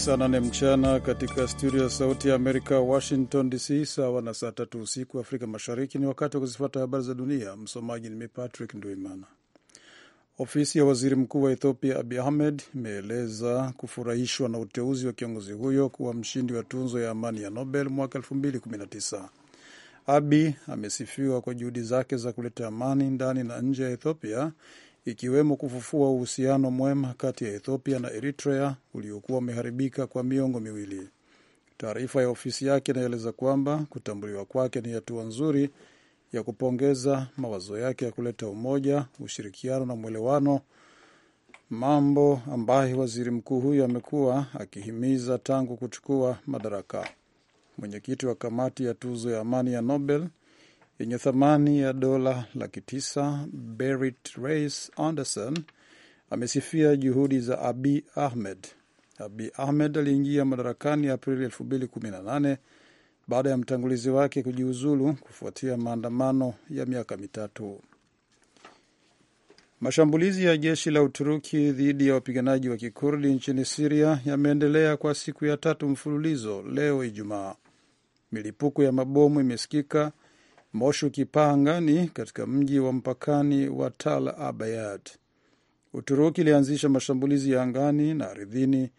saa nane mchana katika studio ya Sauti ya Amerika, Washington DC, sawa na saa tatu usiku Afrika Mashariki. Ni wakati wa kuzifuata habari za dunia. Msomaji ni mimi Patrick Nduimana. Ofisi ya waziri mkuu wa Ethiopia Abi Ahmed imeeleza kufurahishwa na uteuzi wa kiongozi huyo kuwa mshindi wa tunzo ya amani ya Nobel mwaka 2019. Abi amesifiwa kwa juhudi zake za kuleta amani ndani na nje ya Ethiopia ikiwemo kufufua uhusiano mwema kati ya Ethiopia na Eritrea uliokuwa umeharibika kwa miongo miwili. Taarifa ya ofisi yake inaeleza kwamba kutambuliwa kwake ni hatua nzuri ya kupongeza mawazo yake ya kuleta umoja, ushirikiano na mwelewano, mambo ambayo waziri mkuu huyo amekuwa akihimiza tangu kuchukua madaraka. Mwenyekiti wa kamati ya tuzo ya amani ya Nobel yenye thamani ya dola laki tisa Berit Reis Anderson amesifia juhudi za Abi Ahmed. Abi Ahmed aliingia madarakani Aprili 2018 baada ya mtangulizi wake kujiuzulu kufuatia maandamano ya miaka mitatu. Mashambulizi ya jeshi la Uturuki dhidi ya wapiganaji wa kikurdi nchini Siria yameendelea kwa siku ya tatu mfululizo leo Ijumaa. Milipuko ya mabomu imesikika Moshi ukipaa angani katika mji wa mpakani wa Tal Abayad. Uturuki ilianzisha mashambulizi ya angani na ardhini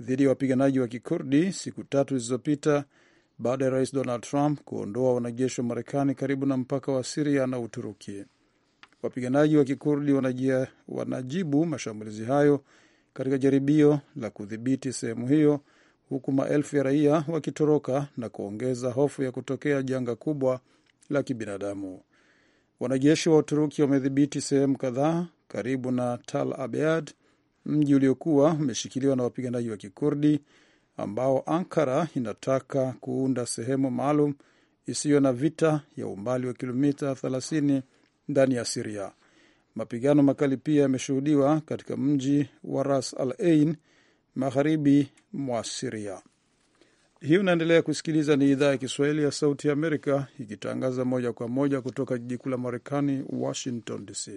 dhidi ya wapiganaji wa kikurdi siku tatu zilizopita baada ya rais Donald Trump kuondoa wanajeshi wa Marekani karibu na mpaka wa Siria na Uturuki. Wapiganaji wa kikurdi wanajia, wanajibu mashambulizi hayo katika jaribio la kudhibiti sehemu hiyo, huku maelfu ya raia wakitoroka na kuongeza hofu ya kutokea janga kubwa la kibinadamu. Wanajeshi wa Uturuki wamedhibiti sehemu kadhaa karibu na Tal Abyad, mji uliokuwa umeshikiliwa na wapiganaji wa Kikurdi ambao Ankara inataka kuunda sehemu maalum isiyo na vita ya umbali wa kilomita 30 ndani ya Siria. Mapigano makali pia yameshuhudiwa katika mji wa Ras Al Ain magharibi mwa Siria. Hii unaendelea kusikiliza, ni idhaa ya Kiswahili ya Sauti ya Amerika ikitangaza moja kwa moja kutoka jiji kuu la Marekani, Washington DC.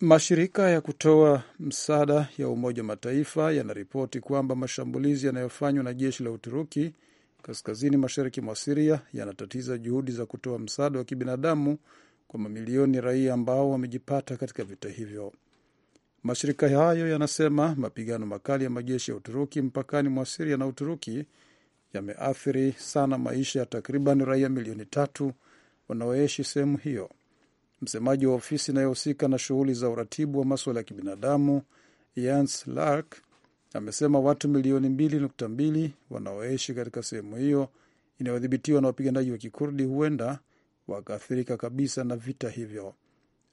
Mashirika ya kutoa msaada ya Umoja wa Mataifa yanaripoti kwamba mashambulizi yanayofanywa na jeshi la Uturuki kaskazini mashariki mwa Siria yanatatiza juhudi za kutoa msaada wa kibinadamu kwa mamilioni raia ambao wamejipata katika vita hivyo. Mashirika hayo yanasema mapigano makali ya majeshi ya Uturuki mpakani mwa Siria na Uturuki yameathiri sana maisha ya takriban raia milioni tatu wanaoishi sehemu hiyo. Msemaji wa ofisi inayohusika na, na shughuli za uratibu wa maswala ya kibinadamu Jens Lark amesema watu milioni mbili nukta mbili wanaoishi katika sehemu hiyo inayodhibitiwa na wapiganaji wa Kikurdi huenda wakaathirika kabisa na vita hivyo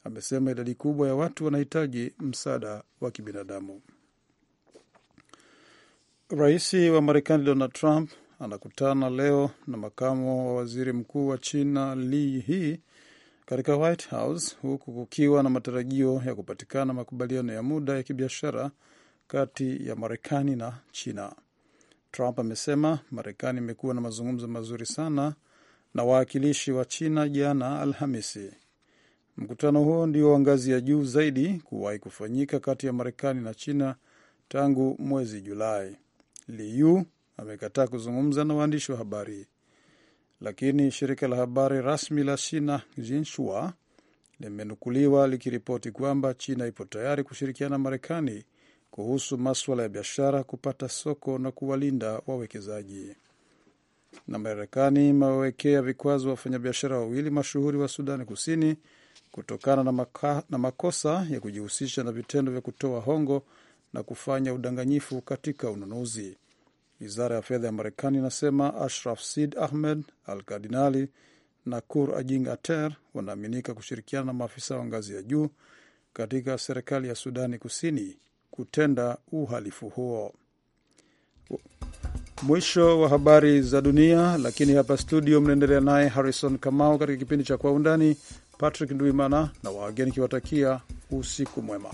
amesema idadi kubwa ya watu wanahitaji msaada wa kibinadamu. Rais wa Marekani Donald Trump anakutana leo na makamu wa waziri mkuu wa China Li Hi katika White House huku kukiwa na matarajio ya kupatikana makubaliano ya muda ya kibiashara kati ya Marekani na China. Trump amesema Marekani imekuwa na mazungumzo mazuri sana na wawakilishi wa China jana Alhamisi. Mkutano huo ndio wa ngazi ya juu zaidi kuwahi kufanyika kati ya Marekani na China tangu mwezi Julai. Liu amekataa kuzungumza na waandishi wa habari, lakini shirika la habari rasmi la China Xinhua limenukuliwa likiripoti kwamba China ipo tayari kushirikiana na Marekani kuhusu maswala ya biashara, kupata soko na kuwalinda wawekezaji. Na Marekani imewawekea vikwazo wafanyabiashara wawili mashuhuri wa Sudani Kusini kutokana na, maka, na makosa ya kujihusisha na vitendo vya kutoa hongo na kufanya udanganyifu katika ununuzi. Wizara ya fedha ya Marekani inasema Ashraf Sid Ahmed, Al Kardinali na Kur Ajing Ater wanaaminika kushirikiana na maafisa wa ngazi ya juu katika serikali ya Sudani Kusini kutenda uhalifu huo. Mwisho wa habari za dunia, lakini hapa studio mnaendelea naye Harrison Kamau katika kipindi cha Kwa Undani. Patrick nduimana na wageni kiwatakia usiku mwema.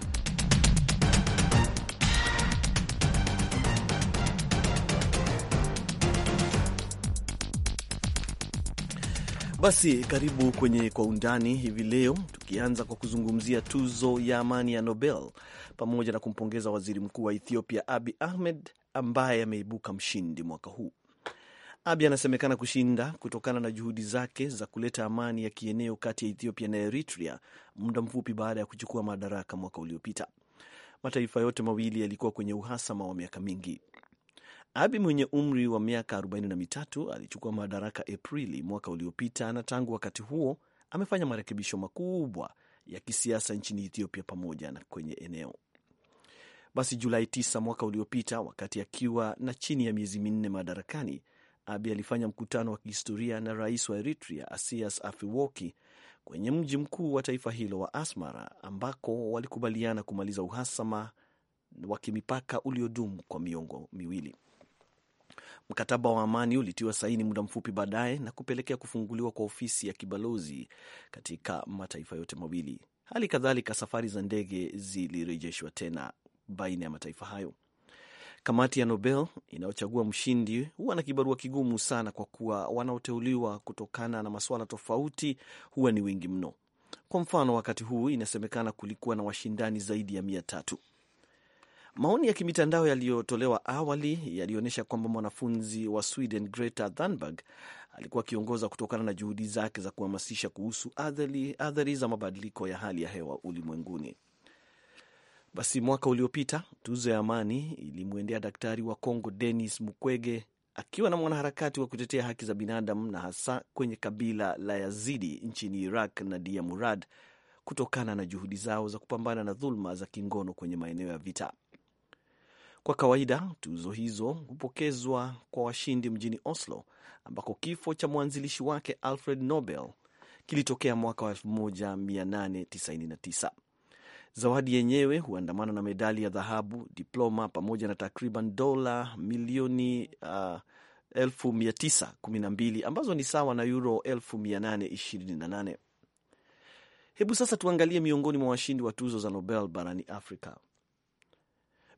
Basi karibu kwenye Kwa Undani hivi leo, tukianza kwa kuzungumzia tuzo ya amani ya Nobel pamoja na kumpongeza waziri mkuu wa Ethiopia Abi Ahmed ambaye ameibuka mshindi mwaka huu. Abi anasemekana kushinda kutokana na juhudi zake za kuleta amani ya kieneo kati ya Ethiopia na Eritrea muda mfupi baada ya kuchukua madaraka mwaka uliopita. Mataifa yote mawili yalikuwa kwenye uhasama wa miaka mingi. Abi mwenye umri wa miaka 43 alichukua madaraka Aprili mwaka uliopita na tangu wakati huo amefanya marekebisho makubwa ya kisiasa nchini Ethiopia pamoja na kwenye eneo. Basi Julai 9 mwaka uliopita, wakati akiwa na chini ya miezi minne madarakani, Abi alifanya mkutano wa kihistoria na rais wa Eritrea Asias Afwerki kwenye mji mkuu wa taifa hilo wa Asmara, ambako walikubaliana kumaliza uhasama wa kimipaka uliodumu kwa miongo miwili. Mkataba wa amani ulitiwa saini muda mfupi baadaye na kupelekea kufunguliwa kwa ofisi ya kibalozi katika mataifa yote mawili. Hali kadhalika, safari za ndege zilirejeshwa tena baina ya mataifa hayo. Kamati ya Nobel inayochagua mshindi huwa na kibarua kigumu sana, kwa kuwa wanaoteuliwa kutokana na masuala tofauti huwa ni wengi mno. Kwa mfano, wakati huu inasemekana kulikuwa na washindani zaidi ya mia tatu. Maoni ya kimitandao yaliyotolewa awali yalionyesha kwamba mwanafunzi wa Sweden Greta Thunberg alikuwa akiongoza kutokana na juhudi zake za kuhamasisha kuhusu athari za mabadiliko ya hali ya hewa ulimwenguni. Basi mwaka uliopita tuzo ya amani ilimwendea daktari wa congo Denis Mukwege akiwa na mwanaharakati wa kutetea haki za binadamu na hasa kwenye kabila la Yazidi nchini Iraq, Nadia Murad, kutokana na juhudi zao za kupambana na dhuluma za kingono kwenye maeneo ya vita. Kwa kawaida tuzo hizo hupokezwa kwa washindi mjini Oslo, ambako kifo cha mwanzilishi wake Alfred Nobel kilitokea mwaka wa 1899. Zawadi yenyewe huandamana na medali ya dhahabu, diploma, pamoja na takriban dola milioni uh, 912 ambazo ni sawa na euro 828. Hebu sasa tuangalie miongoni mwa washindi wa tuzo za Nobel barani Afrika.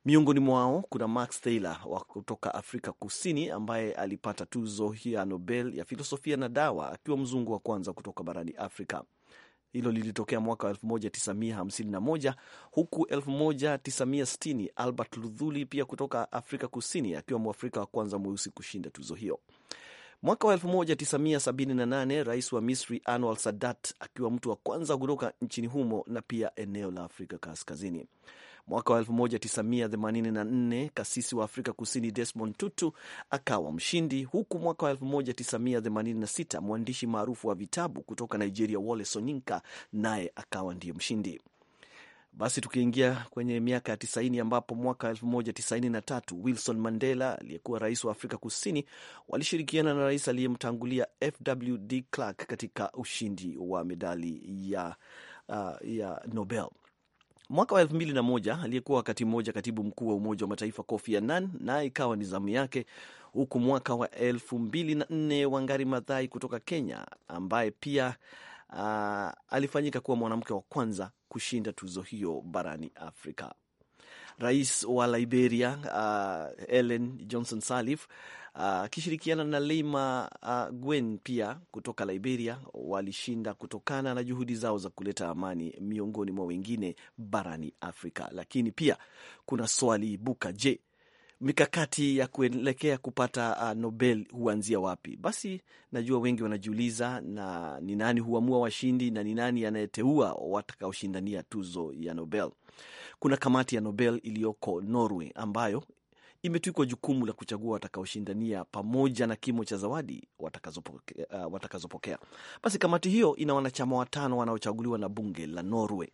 Miongoni mwao kuna Max Taylor wa kutoka Afrika Kusini ambaye alipata tuzo ya Nobel ya filosofia na dawa akiwa mzungu wa kwanza kutoka barani Afrika. Hilo lilitokea mwaka 1951 huku 1960 Albert Luthuli pia kutoka Afrika Kusini akiwa Mwafrika wa kwanza mweusi kushinda tuzo hiyo. Mwaka wa 1978 rais wa Misri Anwar Sadat akiwa mtu wa kwanza kutoka nchini humo na pia eneo la Afrika Kaskazini. Mwaka wa 1984 kasisi wa Afrika Kusini Desmond Tutu akawa mshindi, huku mwaka wa 1986 mwandishi maarufu wa vitabu kutoka Nigeria Wole Soyinka naye akawa ndiye mshindi. Basi tukiingia kwenye miaka ya 90 ambapo mwaka 1993 Wilson Mandela aliyekuwa rais wa Afrika Kusini walishirikiana na rais aliyemtangulia fwd Clark katika ushindi wa medali ya, uh, ya Nobel. Mwaka wa elfu mbili na moja aliyekuwa wakati mmoja katibu mkuu wa Umoja wa Mataifa Kofi Annan naye ikawa ni zamu yake, huku mwaka wa elfu mbili na nne Wangari Maathai kutoka Kenya ambaye pia uh, alifanyika kuwa mwanamke wa kwanza kushinda tuzo hiyo barani Afrika. Rais wa Liberia uh, Ellen Johnson Sirleaf akishirikiana uh, na Leima uh, Gwen pia kutoka Liberia walishinda kutokana na juhudi zao za kuleta amani miongoni mwa wengine barani Afrika. Lakini pia kuna swali buka, je, mikakati ya kuelekea kupata uh, Nobel huanzia wapi? Basi najua wengi wanajiuliza, na ni nani huamua washindi na ni nani anayeteua watakaoshindania tuzo ya Nobel? Kuna kamati ya Nobel iliyoko Norway ambayo imetwikwa jukumu la kuchagua watakaoshindania pamoja na kimo cha zawadi watakazopokea, uh, watakazopokea. Basi kamati hiyo ina wanachama watano wanaochaguliwa na bunge la Norway.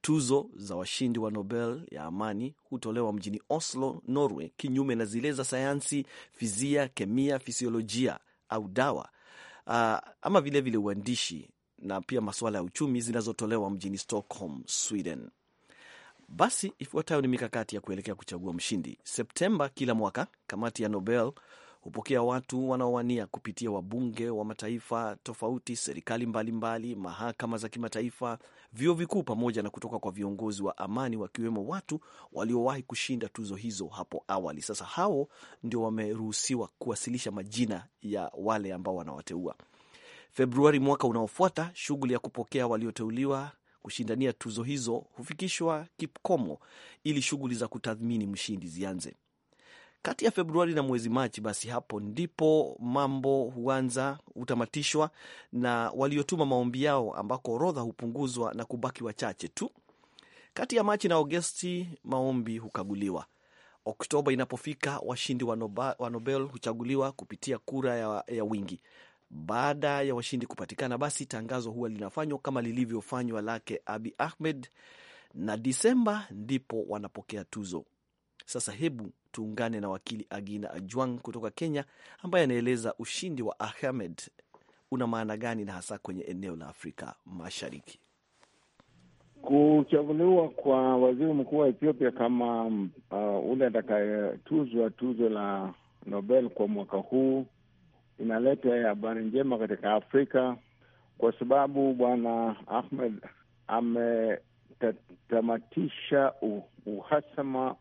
Tuzo za washindi wa Nobel ya amani hutolewa mjini Oslo, Norway, kinyume na zile za sayansi, fizia, kemia, fisiolojia au dawa, uh, ama vilevile vile uandishi na pia masuala ya uchumi zinazotolewa mjini Stockholm, Sweden. Basi ifuatayo ni mikakati ya kuelekea kuchagua mshindi. Septemba kila mwaka, kamati ya Nobel hupokea watu wanaowania kupitia wabunge wa mataifa tofauti, serikali mbalimbali, mahakama za kimataifa, vyuo vikuu, pamoja na kutoka kwa viongozi wa amani, wakiwemo watu waliowahi kushinda tuzo hizo hapo awali. Sasa hao ndio wameruhusiwa kuwasilisha majina ya wale ambao wanawateua. Februari mwaka unaofuata, shughuli ya kupokea walioteuliwa kushindania tuzo hizo hufikishwa kikomo ili shughuli za kutathmini mshindi zianze kati ya Februari na mwezi Machi. Basi hapo ndipo mambo huanza hutamatishwa na waliotuma maombi yao, ambako orodha hupunguzwa na kubaki wachache tu. Kati ya Machi na Agosti maombi hukaguliwa. Oktoba inapofika, washindi wa Nobel huchaguliwa kupitia kura ya, ya wingi. Baada ya washindi kupatikana, basi tangazo huwa linafanywa kama lilivyofanywa lake Abi Ahmed, na Disemba ndipo wanapokea tuzo. Sasa hebu tuungane na wakili Agina Ajwang kutoka Kenya, ambaye anaeleza ushindi wa Ahmed una maana gani na hasa kwenye eneo la Afrika Mashariki. Kuchaguliwa kwa waziri mkuu wa Ethiopia kama uh, ule atakayetuzwa tuzo la Nobel kwa mwaka huu inaleta habari njema katika Afrika kwa sababu Bwana Ahmed ametamatisha uhasama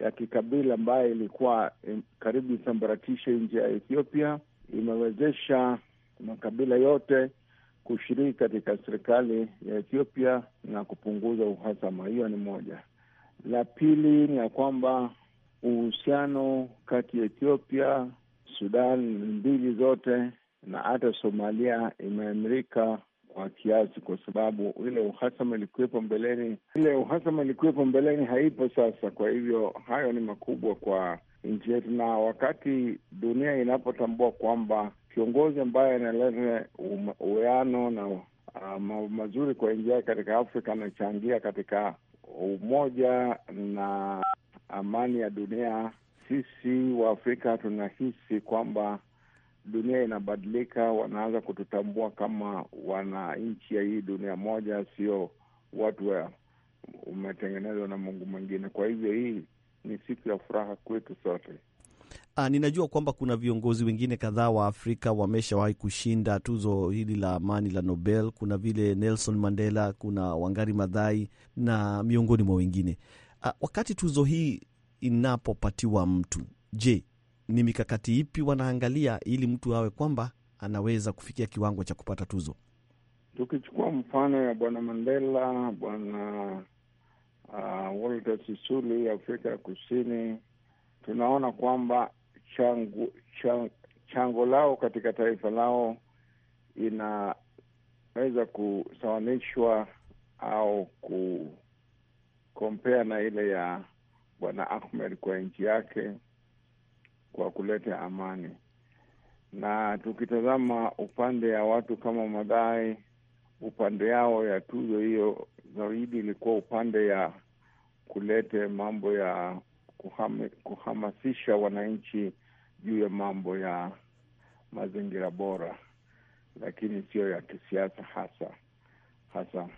ya kikabila ambayo ilikuwa karibu isambaratishe nchi ya Ethiopia. Imewezesha makabila yote kushiriki katika serikali ya Ethiopia na kupunguza uhasama. Hiyo ni moja. La pili ni ya kwamba uhusiano kati ya Ethiopia Sudan mbili zote na hata Somalia imeamirika kwa kiasi, kwa sababu ile uhasama ilikuwepo mbeleni, ile uhasama ilikuwepo mbeleni haipo sasa. Kwa hivyo hayo ni makubwa kwa nchi yetu, na wakati dunia inapotambua kwamba kiongozi ambaye analeta uweano na uh, ah, mambo mazuri kwa nchi yake katika Afrika anachangia katika umoja na amani ya dunia sisi wa afrika tunahisi kwamba dunia inabadilika, wanaanza kututambua kama wananchi ya hii dunia moja, sio watu wa umetengenezwa na Mungu mwingine. Kwa hivyo hii ni siku ya furaha kwetu sote. Ah, ninajua kwamba kuna viongozi wengine kadhaa wa Afrika wameshawahi kushinda tuzo hili la amani la Nobel. Kuna vile Nelson Mandela, kuna Wangari Maathai na miongoni mwa wengine. Ah, wakati tuzo hii inapopatiwa mtu. Je, ni mikakati ipi wanaangalia ili mtu awe kwamba anaweza kufikia kiwango cha kupata tuzo? Tukichukua mfano ya bwana Mandela, bwana uh, Walter Sisulu Afrika ya Kusini, tunaona kwamba changu, chang, chango lao katika taifa lao inaweza kusawanishwa au kukompea na ile ya Bwana Ahmed kwa nchi yake kwa kuleta amani. Na tukitazama upande ya watu kama madai, upande yao ya tuzo hiyo zaidi ilikuwa upande ya kulete mambo ya kuhamasisha wananchi juu ya mambo ya mazingira bora, lakini siyo ya kisiasa hasa hasa.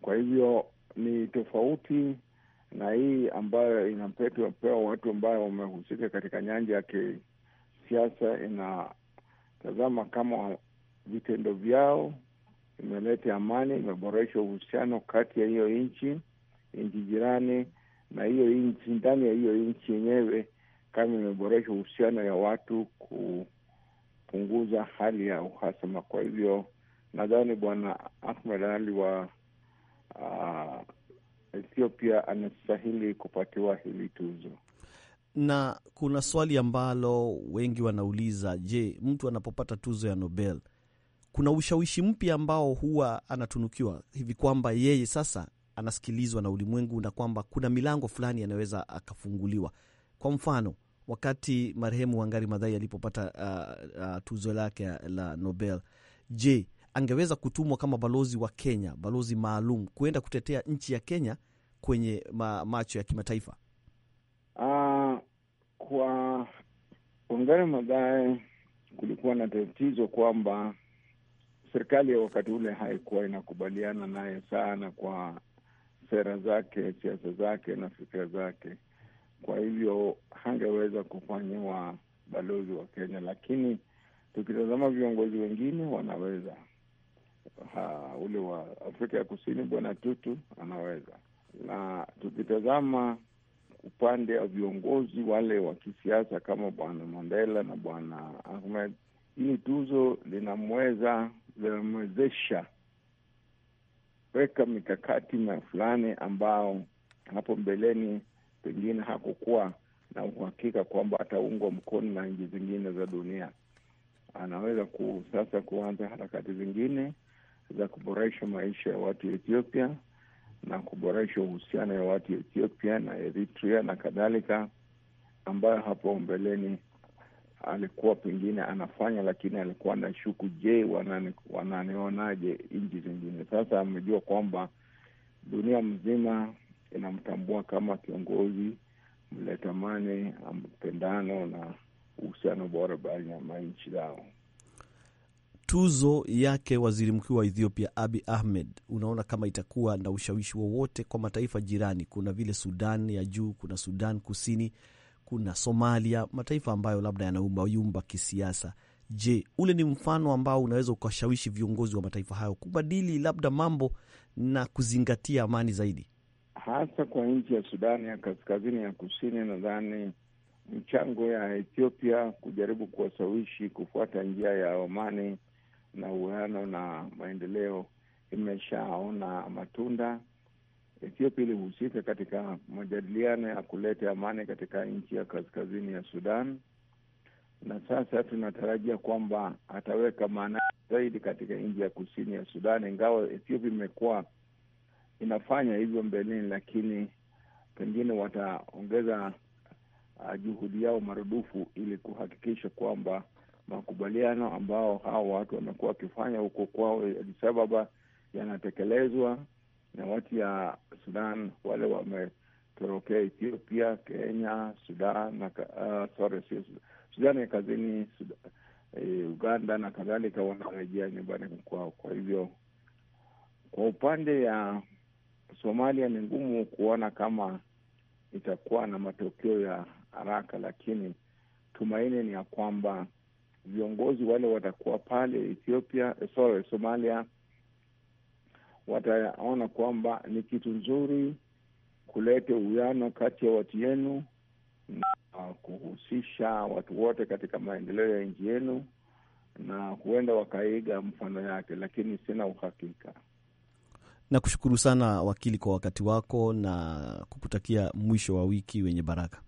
Kwa hivyo ni tofauti na hii ambayo inapewa watu ambayo wamehusika katika nyanja ya kisiasa, inatazama kama vitendo vyao imeleta amani, imeboresha uhusiano kati ya hiyo nchi nchi jirani na hiyo nchi ndani ya hiyo nchi yenyewe, kama imeboresha uhusiano ya watu kupunguza hali ya uhasama. Kwa hivyo nadhani Bwana Ahmed Ali wa uh, Ethiopia anastahili kupatiwa hili tuzo. Na kuna swali ambalo wengi wanauliza, je, mtu anapopata tuzo ya Nobel kuna ushawishi mpya ambao huwa anatunukiwa hivi kwamba yeye sasa anasikilizwa na ulimwengu na kwamba kuna milango fulani anaweza akafunguliwa. Kwa mfano, wakati marehemu Wangari madhai alipopata uh, uh, tuzo lake la Nobel, je, angeweza kutumwa kama balozi wa Kenya, balozi maalum kuenda kutetea nchi ya Kenya kwenye ma macho ya kimataifa? Uh, kwa Wangari Maathai kulikuwa na tatizo kwamba serikali ya wakati ule haikuwa inakubaliana naye sana kwa sera zake, siasa zake na fikira zake. Kwa hivyo hangeweza kufanyiwa balozi wa Kenya, lakini tukitazama viongozi wengine wanaweza ha, ule wa Afrika ya Kusini, bwana Tutu anaweza. Na tukitazama upande wa viongozi wale wa kisiasa kama bwana Mandela na bwana Ahmed, hili tuzo linamweza linamwezesha weka mikakati fulani ambao hapo mbeleni pengine hakukuwa na uhakika kwamba ataungwa mkono na nchi zingine za dunia. Anaweza ku, sasa kuanza harakati zingine za kuboresha maisha ya watu ya Ethiopia na kuboresha uhusiano ya watu ya Ethiopia na Eritrea na kadhalika, ambayo hapo mbeleni alikuwa pengine anafanya, lakini alikuwa na shuku je, wananionaje nchi zingine? Sasa amejua kwamba dunia mzima inamtambua kama kiongozi mletamani, mpendano na uhusiano bora baina ya manchi zao tuzo yake waziri mkuu wa Ethiopia Abi Ahmed, unaona kama itakuwa na ushawishi wowote kwa mataifa jirani? Kuna vile Sudan ya juu, kuna Sudan Kusini, kuna Somalia, mataifa ambayo labda yanaumbayumba kisiasa. Je, ule ni mfano ambao unaweza ukashawishi viongozi wa mataifa hayo kubadili labda mambo na kuzingatia amani zaidi, hasa kwa nchi ya Sudani ya kaskazini ya kusini? Nadhani mchango ya Ethiopia kujaribu kuwashawishi kufuata njia ya amani na uwiano na maendeleo imeshaona matunda. Ethiopia ilihusika katika majadiliano ya kuleta amani katika nchi ya kaskazini ya Sudan, na sasa tunatarajia kwamba ataweka maana zaidi katika nchi ya kusini ya Sudan, ingawa Ethiopia imekuwa inafanya hivyo mbeleni, lakini pengine wataongeza ah, juhudi yao marudufu ili kuhakikisha kwamba makubaliano ambao hao watu wamekuwa wakifanya huko kwao Addis Ababa yanatekelezwa na watu ya Sudan wale wametorokea Ethiopia, Kenya, Sudan na uh, sorry, Sudan ya Kazini, Sudan, eh, Uganda na kadhalika wanarejea nyumbani kwao. Kwa hivyo kwa upande ya Somalia ni ngumu kuona kama itakuwa na matokeo ya haraka, lakini tumaini ni ya kwamba viongozi wale watakuwa pale Ethiopia, sorry, Somalia, wataona kwamba ni kitu nzuri kuleta uwiano kati ya watu yenu na kuhusisha watu wote katika maendeleo ya nchi yenu, na huenda wakaiga mfano yake, lakini sina uhakika. Nakushukuru sana wakili kwa wakati wako na kukutakia mwisho wa wiki wenye baraka.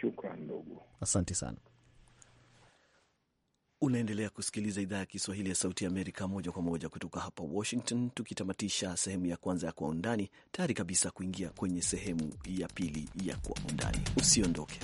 Shukran ndugu, asante sana. Unaendelea kusikiliza idhaa ya Kiswahili ya Sauti ya Amerika moja kwa moja kutoka hapa Washington, tukitamatisha sehemu ya kwanza ya Kwa Undani, tayari kabisa kuingia kwenye sehemu ya pili ya Kwa Undani. Usiondoke.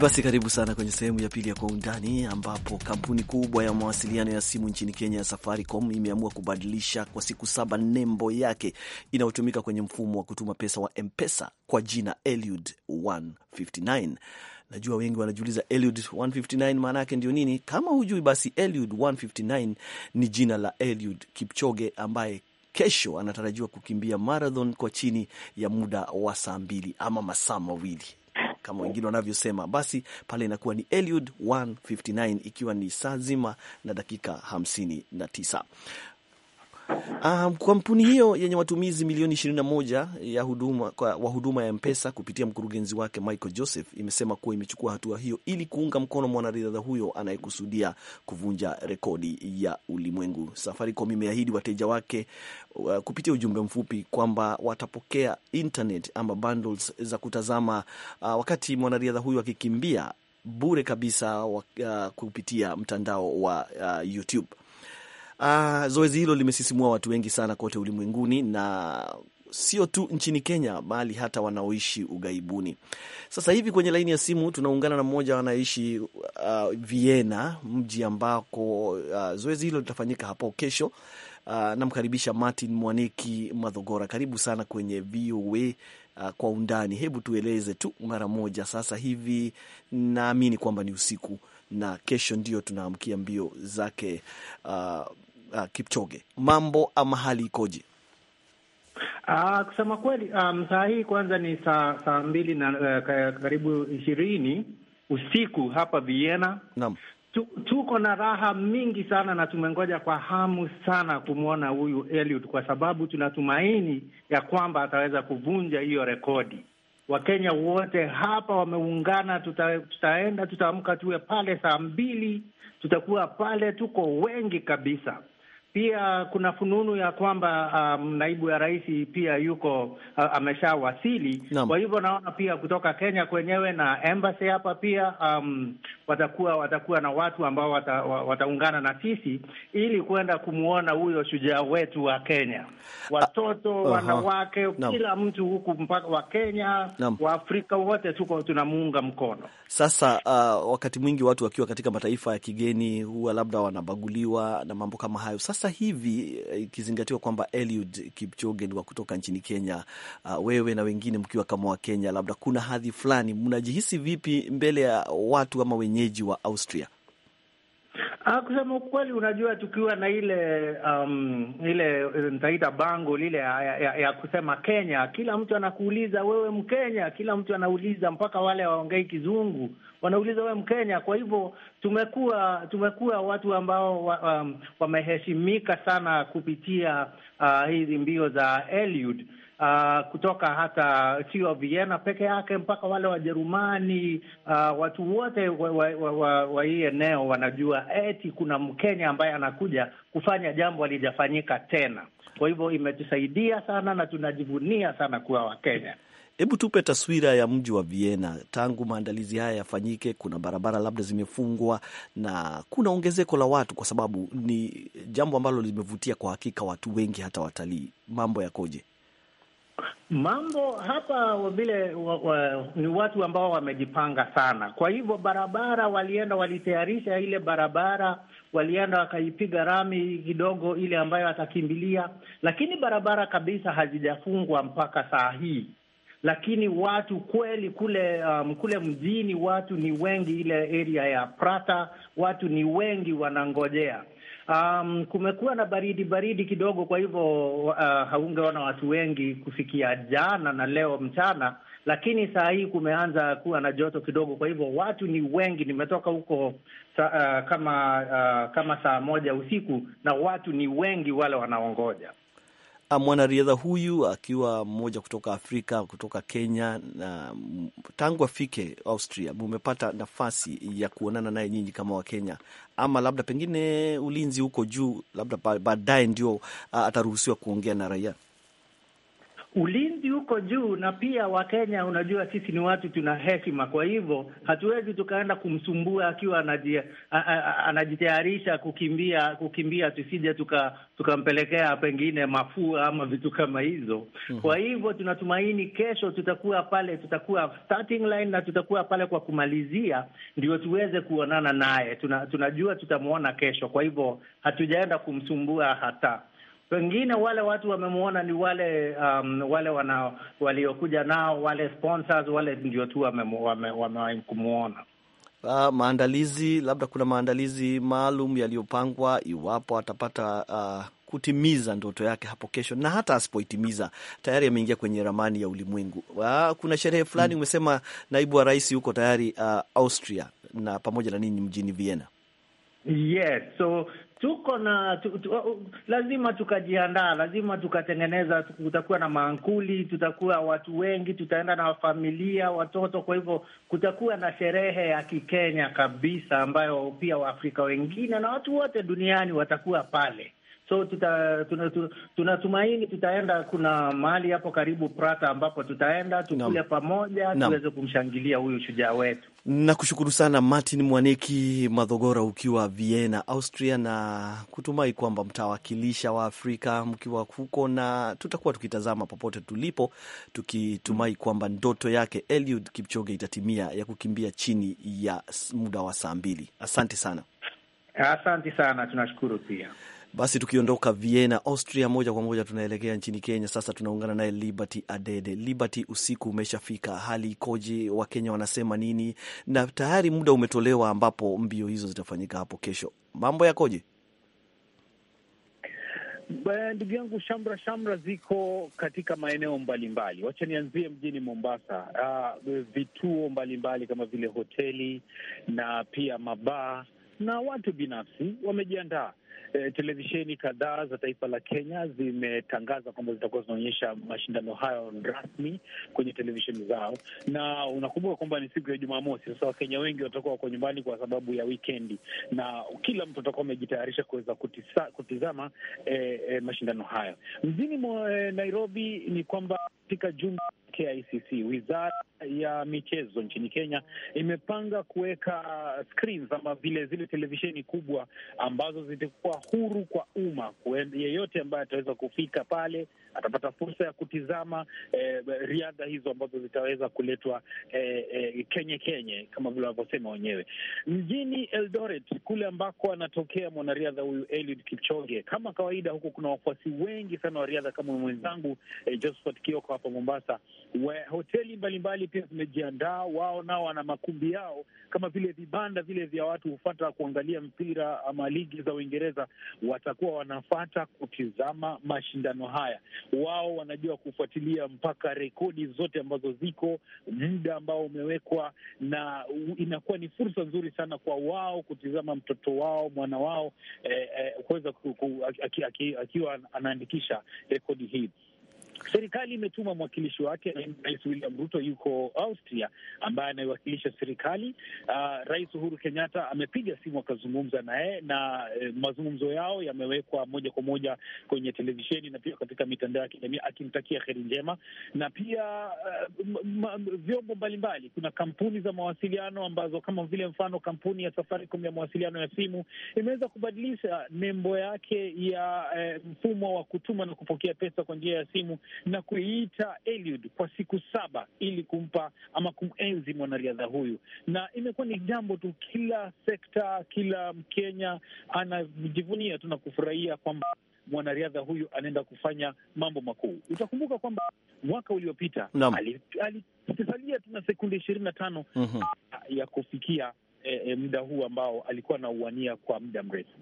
Basi karibu sana kwenye sehemu ya pili ya Kwa Undani, ambapo kampuni kubwa ya mawasiliano ya simu nchini Kenya ya Safaricom imeamua kubadilisha kwa siku saba nembo yake inayotumika kwenye mfumo wa kutuma pesa wa M-Pesa kwa jina Eliud 159. Najua wengi wanajiuliza Eliud 159 maana yake ndio nini? Kama hujui, basi Eliud 159 ni jina la Eliud Kipchoge ambaye kesho anatarajiwa kukimbia marathon kwa chini ya muda wa saa mbili ama masaa mawili kama wengine wanavyosema, basi pale inakuwa ni Eliud 159 ikiwa ni saa zima na dakika 59. Um, kampuni hiyo yenye watumizi milioni 21 ya huduma, kwa, wa huduma ya Mpesa kupitia mkurugenzi wake Michael Joseph imesema kuwa imechukua hatua hiyo ili kuunga mkono mwanariadha huyo anayekusudia kuvunja rekodi ya ulimwengu. Safaricom imeahidi wateja wake uh, kupitia ujumbe mfupi kwamba watapokea internet ama bundles za kutazama uh, wakati mwanariadha huyo akikimbia bure kabisa wa, uh, kupitia mtandao wa uh, YouTube. Uh, zoezi hilo limesisimua watu wengi sana kote ulimwenguni na sio tu nchini Kenya bali hata wanaoishi ughaibuni. Sasa hivi kwenye laini ya simu tunaungana na mmoja wanaishi uh, Vienna, mji ambako uh, zoezi hilo litafanyika hapo kesho. Uh, namkaribisha Martin Mwaniki Madhogora, karibu sana kwenye VOA uh, kwa undani. Hebu tueleze tu mara moja, sasa hivi naamini kwamba ni usiku na kesho ndio tunaamkia mbio zake uh, uh, Kipchoge, mambo ama hali ikoje? Uh, kusema kweli um, saa hii kwanza ni saa saa mbili na uh, karibu ishirini usiku hapa Vienna. Naam. Tu, tuko na raha mingi sana na tumengoja kwa hamu sana kumwona huyu Eliud kwa sababu tunatumaini ya kwamba ataweza kuvunja hiyo rekodi. Wakenya wote hapa wameungana, tuta, tutaenda tutaamka, tuwe pale saa mbili, tutakuwa pale, tuko wengi kabisa. Pia kuna fununu ya kwamba um, naibu ya rais pia yuko uh, ameshawasili. Kwa hivyo naona pia kutoka Kenya kwenyewe na embassy hapa pia um, watakuwa watakuwa na watu ambao wata, wataungana na sisi ili kwenda kumwona huyo shujaa wetu wa Kenya, watoto uh -huh. wanawake Nam. kila mtu huku mpaka wa Kenya Waafrika wote tuko tunamuunga mkono. Sasa uh, wakati mwingi watu wakiwa katika mataifa ya kigeni huwa labda wanabaguliwa na mambo kama hayo. Sasa sasa hivi eh, ikizingatiwa kwamba Eliud Kipchoge wa kutoka nchini Kenya, uh, wewe na wengine mkiwa kama wa Kenya, labda kuna hadhi fulani, mnajihisi vipi mbele ya watu ama wenyeji wa Austria? Ah, kusema ukweli, unajua tukiwa na ile um, ile eh, nitaita bango lile ya, ya, ya kusema Kenya, kila mtu anakuuliza wewe Mkenya, kila mtu anauliza, mpaka wale waongei Kizungu wanauliza wewe Mkenya. Kwa hivyo tumekuwa tumekuwa watu ambao wameheshimika wa, um, sana kupitia uh, hizi mbio za Eliud uh, kutoka hata sio Vienna peke yake mpaka wale Wajerumani uh, watu wote wa, wa, wa, wa, wa hii eneo wanajua eti kuna Mkenya ambaye anakuja kufanya jambo alijafanyika tena. Kwa hivyo imetusaidia sana na tunajivunia sana kuwa Wakenya. Hebu tupe taswira ya mji wa Vienna tangu maandalizi haya yafanyike. Kuna barabara labda zimefungwa na kuna ongezeko la watu, kwa sababu ni jambo ambalo limevutia kwa hakika watu wengi, hata watalii. Mambo yakoje? Mambo hapa vile wa, wa, ni watu ambao wamejipanga sana. Kwa hivyo barabara walienda walitayarisha ile barabara, walienda wakaipiga rami kidogo ile ambayo atakimbilia, lakini barabara kabisa hazijafungwa mpaka saa hii. Lakini watu kweli kule, um, kule mjini watu ni wengi, ile area ya Prata watu ni wengi wanangojea Um, kumekuwa na baridi baridi kidogo, kwa hivyo uh, haungeona watu wengi kufikia jana na leo mchana, lakini saa hii kumeanza kuwa na joto kidogo, kwa hivyo watu ni wengi. Nimetoka huko sa, uh, kama uh, kama saa moja usiku na watu ni wengi wale wanaongoja Ah, mwanariadha huyu akiwa mmoja kutoka Afrika, kutoka Kenya, na tangu afike Austria mumepata nafasi ya kuonana naye nyinyi kama Wakenya, ama labda pengine ulinzi huko juu, labda baadaye ndio ah, ataruhusiwa kuongea na raia? ulinzi huko juu, na pia Wakenya, unajua sisi ni watu tuna hekima, kwa hivyo hatuwezi tukaenda kumsumbua akiwa anajitayarisha kukimbia kukimbia, tusije tukampelekea tuka pengine mafua ama vitu kama hizo. Mhm. Kwa hivyo tunatumaini kesho tutakuwa pale, tutakuwa starting line na tutakuwa pale kwa kumalizia, ndio tuweze kuonana naye. Tuna, tunajua tutamwona kesho, kwa hivyo hatujaenda kumsumbua hata wengine wale watu wamemwona ni wale um, wale wana, waliokuja nao wale sponsors wale ndio tu wamewahi wame kumwona. Uh, maandalizi labda kuna maandalizi maalum yaliyopangwa iwapo atapata uh, kutimiza ndoto yake hapo kesho, na hata asipoitimiza tayari ameingia kwenye ramani ya ulimwengu. Uh, kuna sherehe fulani mm. umesema naibu wa rais yuko tayari uh, Austria na pamoja na nini mjini Vienna Yes, so tuko na tu, tu, uh, lazima tukajiandaa, lazima tukatengeneza, kutakuwa na mankuli, tutakuwa watu wengi, tutaenda na familia, watoto. Kwa hivyo kutakuwa na sherehe ya Kikenya kabisa ambayo pia Waafrika wengine na watu wote duniani watakuwa pale. So tuta, tuna, tuna tutaenda, kuna mahali hapo karibu Prata ambapo tutaenda tukule pamoja tuweze kumshangilia huyu shujaa wetu. Nakushukuru sana Martin Mwaneki Madhogora ukiwa Vienna, Austria, na kutumai kwamba mtawakilisha wa Afrika mkiwa huko, na tutakuwa tukitazama popote tulipo, tukitumai kwamba ndoto yake Eliud Kipchoge itatimia ya kukimbia chini ya muda wa saa mbili. Asante sana, asante sana, tunashukuru pia. Basi tukiondoka Vienna, Austria, moja kwa moja tunaelekea nchini Kenya. Sasa tunaungana naye Liberty Adede. Liberty, usiku umeshafika, hali ikoje? Wakenya wanasema nini? Na tayari muda umetolewa ambapo mbio hizo zitafanyika hapo kesho, mambo yakoje? Ndugu yangu, shamra shamra ziko katika maeneo mbalimbali. Wacha nianzie mjini Mombasa. Uh, vituo mbalimbali mbali kama vile hoteli na pia mabaa na watu binafsi wamejiandaa eh, televisheni kadhaa za taifa la Kenya zimetangaza kwamba zitakuwa zinaonyesha mashindano hayo rasmi kwenye televisheni zao, na unakumbuka kwamba ni siku ya Jumamosi. Sasa Wakenya wengi watakuwa wako nyumbani kwa sababu ya wikendi, na kila mtu atakuwa amejitayarisha kuweza kutizama eh, eh, mashindano hayo mjini mwa eh, Nairobi. Ni kwamba katika jumba KICC, wizara ya michezo nchini Kenya imepanga kuweka screens ama vile zile televisheni kubwa ambazo zitakuwa huru kwa umma, yeyote ambaye ataweza kufika pale atapata fursa ya kutizama eh, riadha hizo ambazo zitaweza kuletwa eh, eh, kenye kenye kama vile wanavyosema wenyewe mjini Eldoret kule ambako anatokea mwanariadha huyu Eliud Kipchoge. Kama kawaida, huku kuna wafuasi wengi sana wa riadha kama mwenzangu eh, Josephat Kioko hapa Mombasa. We, hoteli mbalimbali pia zimejiandaa, wao nao wana makumbi yao kama vile vibanda vile vya watu hufata kuangalia mpira ama ligi za Uingereza, watakuwa wanafata kutizama mashindano haya wao wanajua kufuatilia mpaka rekodi zote ambazo ziko, muda ambao umewekwa, na inakuwa ni fursa nzuri sana kwa wao kutizama mtoto wao, mwana wao eh, eh, kuweza akiwa aki, aki, aki anaandikisha rekodi hii. Serikali imetuma mwakilishi wake. Rais William Ruto yuko Austria, ambaye anaiwakilisha serikali. Uh, Rais Uhuru Kenyatta amepiga simu akazungumza naye na eh, mazungumzo yao yamewekwa moja kwa moja kwenye televisheni na pia katika mitandao ya kijamii akimtakia heri njema, na pia uh, vyombo mbalimbali. Kuna kampuni za mawasiliano ambazo kama vile mfano kampuni ya Safaricom ya mawasiliano ya simu imeweza kubadilisha nembo yake ya eh, mfumo wa kutuma na kupokea pesa kwa njia ya simu na kuiita Eliud kwa siku saba ili kumpa ama kumenzi mwanariadha huyu, na imekuwa ni jambo tu, kila sekta, kila Mkenya anajivunia tu na kufurahia kwamba mwanariadha huyu anaenda kufanya mambo makuu. Utakumbuka kwamba mwaka uliopita alisalia tu na sekunde ishirini na tano mhm. ya kufikia e, e, muda huu ambao alikuwa anauania kwa muda mrefu.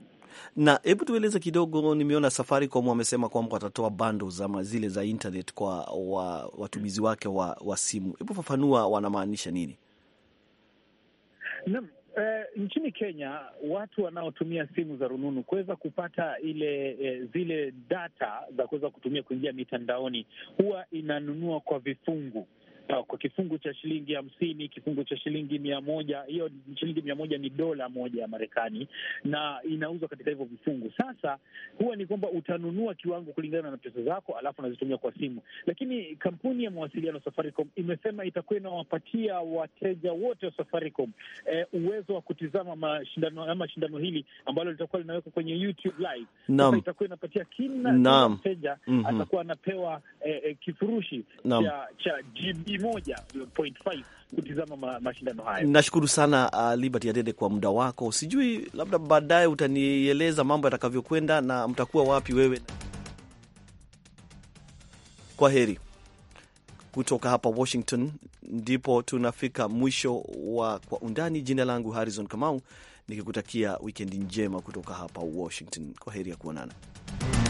Na hebu tueleze kidogo, nimeona Safaricom wamesema kwamba watatoa bando za zile za internet kwa wa, watumizi wake wa, wa simu. Hebu fafanua wanamaanisha nini? Naam. E, nchini Kenya watu wanaotumia simu za rununu kuweza kupata ile e, zile data za kuweza kutumia kuingia mitandaoni huwa inanunua kwa vifungu kwa kifungu cha shilingi hamsini, kifungu cha shilingi mia moja. Hiyo shilingi mia moja ni dola moja ya Marekani na inauzwa katika hivyo vifungu. Sasa huwa ni kwamba utanunua kiwango kulingana na pesa zako, alafu unazitumia kwa simu. Lakini kampuni ya mawasiliano Safaricom imesema itakuwa inawapatia wateja wote wa Safaricom eh, uwezo wa kutizama mashindano ama shindano hili ambalo litakuwa linawekwa kwenye YouTube live. itakuwa inapatia kila mteja mm -hmm. atakuwa anapewa eh, eh, kifurushi cha, cha GB moja, point five kutizama ma, mashindano hayo. Nashukuru sana uh, Liberty Adede kwa muda wako. Sijui labda baadaye utanieleza mambo yatakavyokwenda na mtakuwa wapi wewe. Kwa heri kutoka hapa Washington, ndipo tunafika mwisho wa Kwa Undani. Jina langu Harrison Kamau, nikikutakia wikendi njema kutoka hapa Washington. Kwa heri ya kuonana.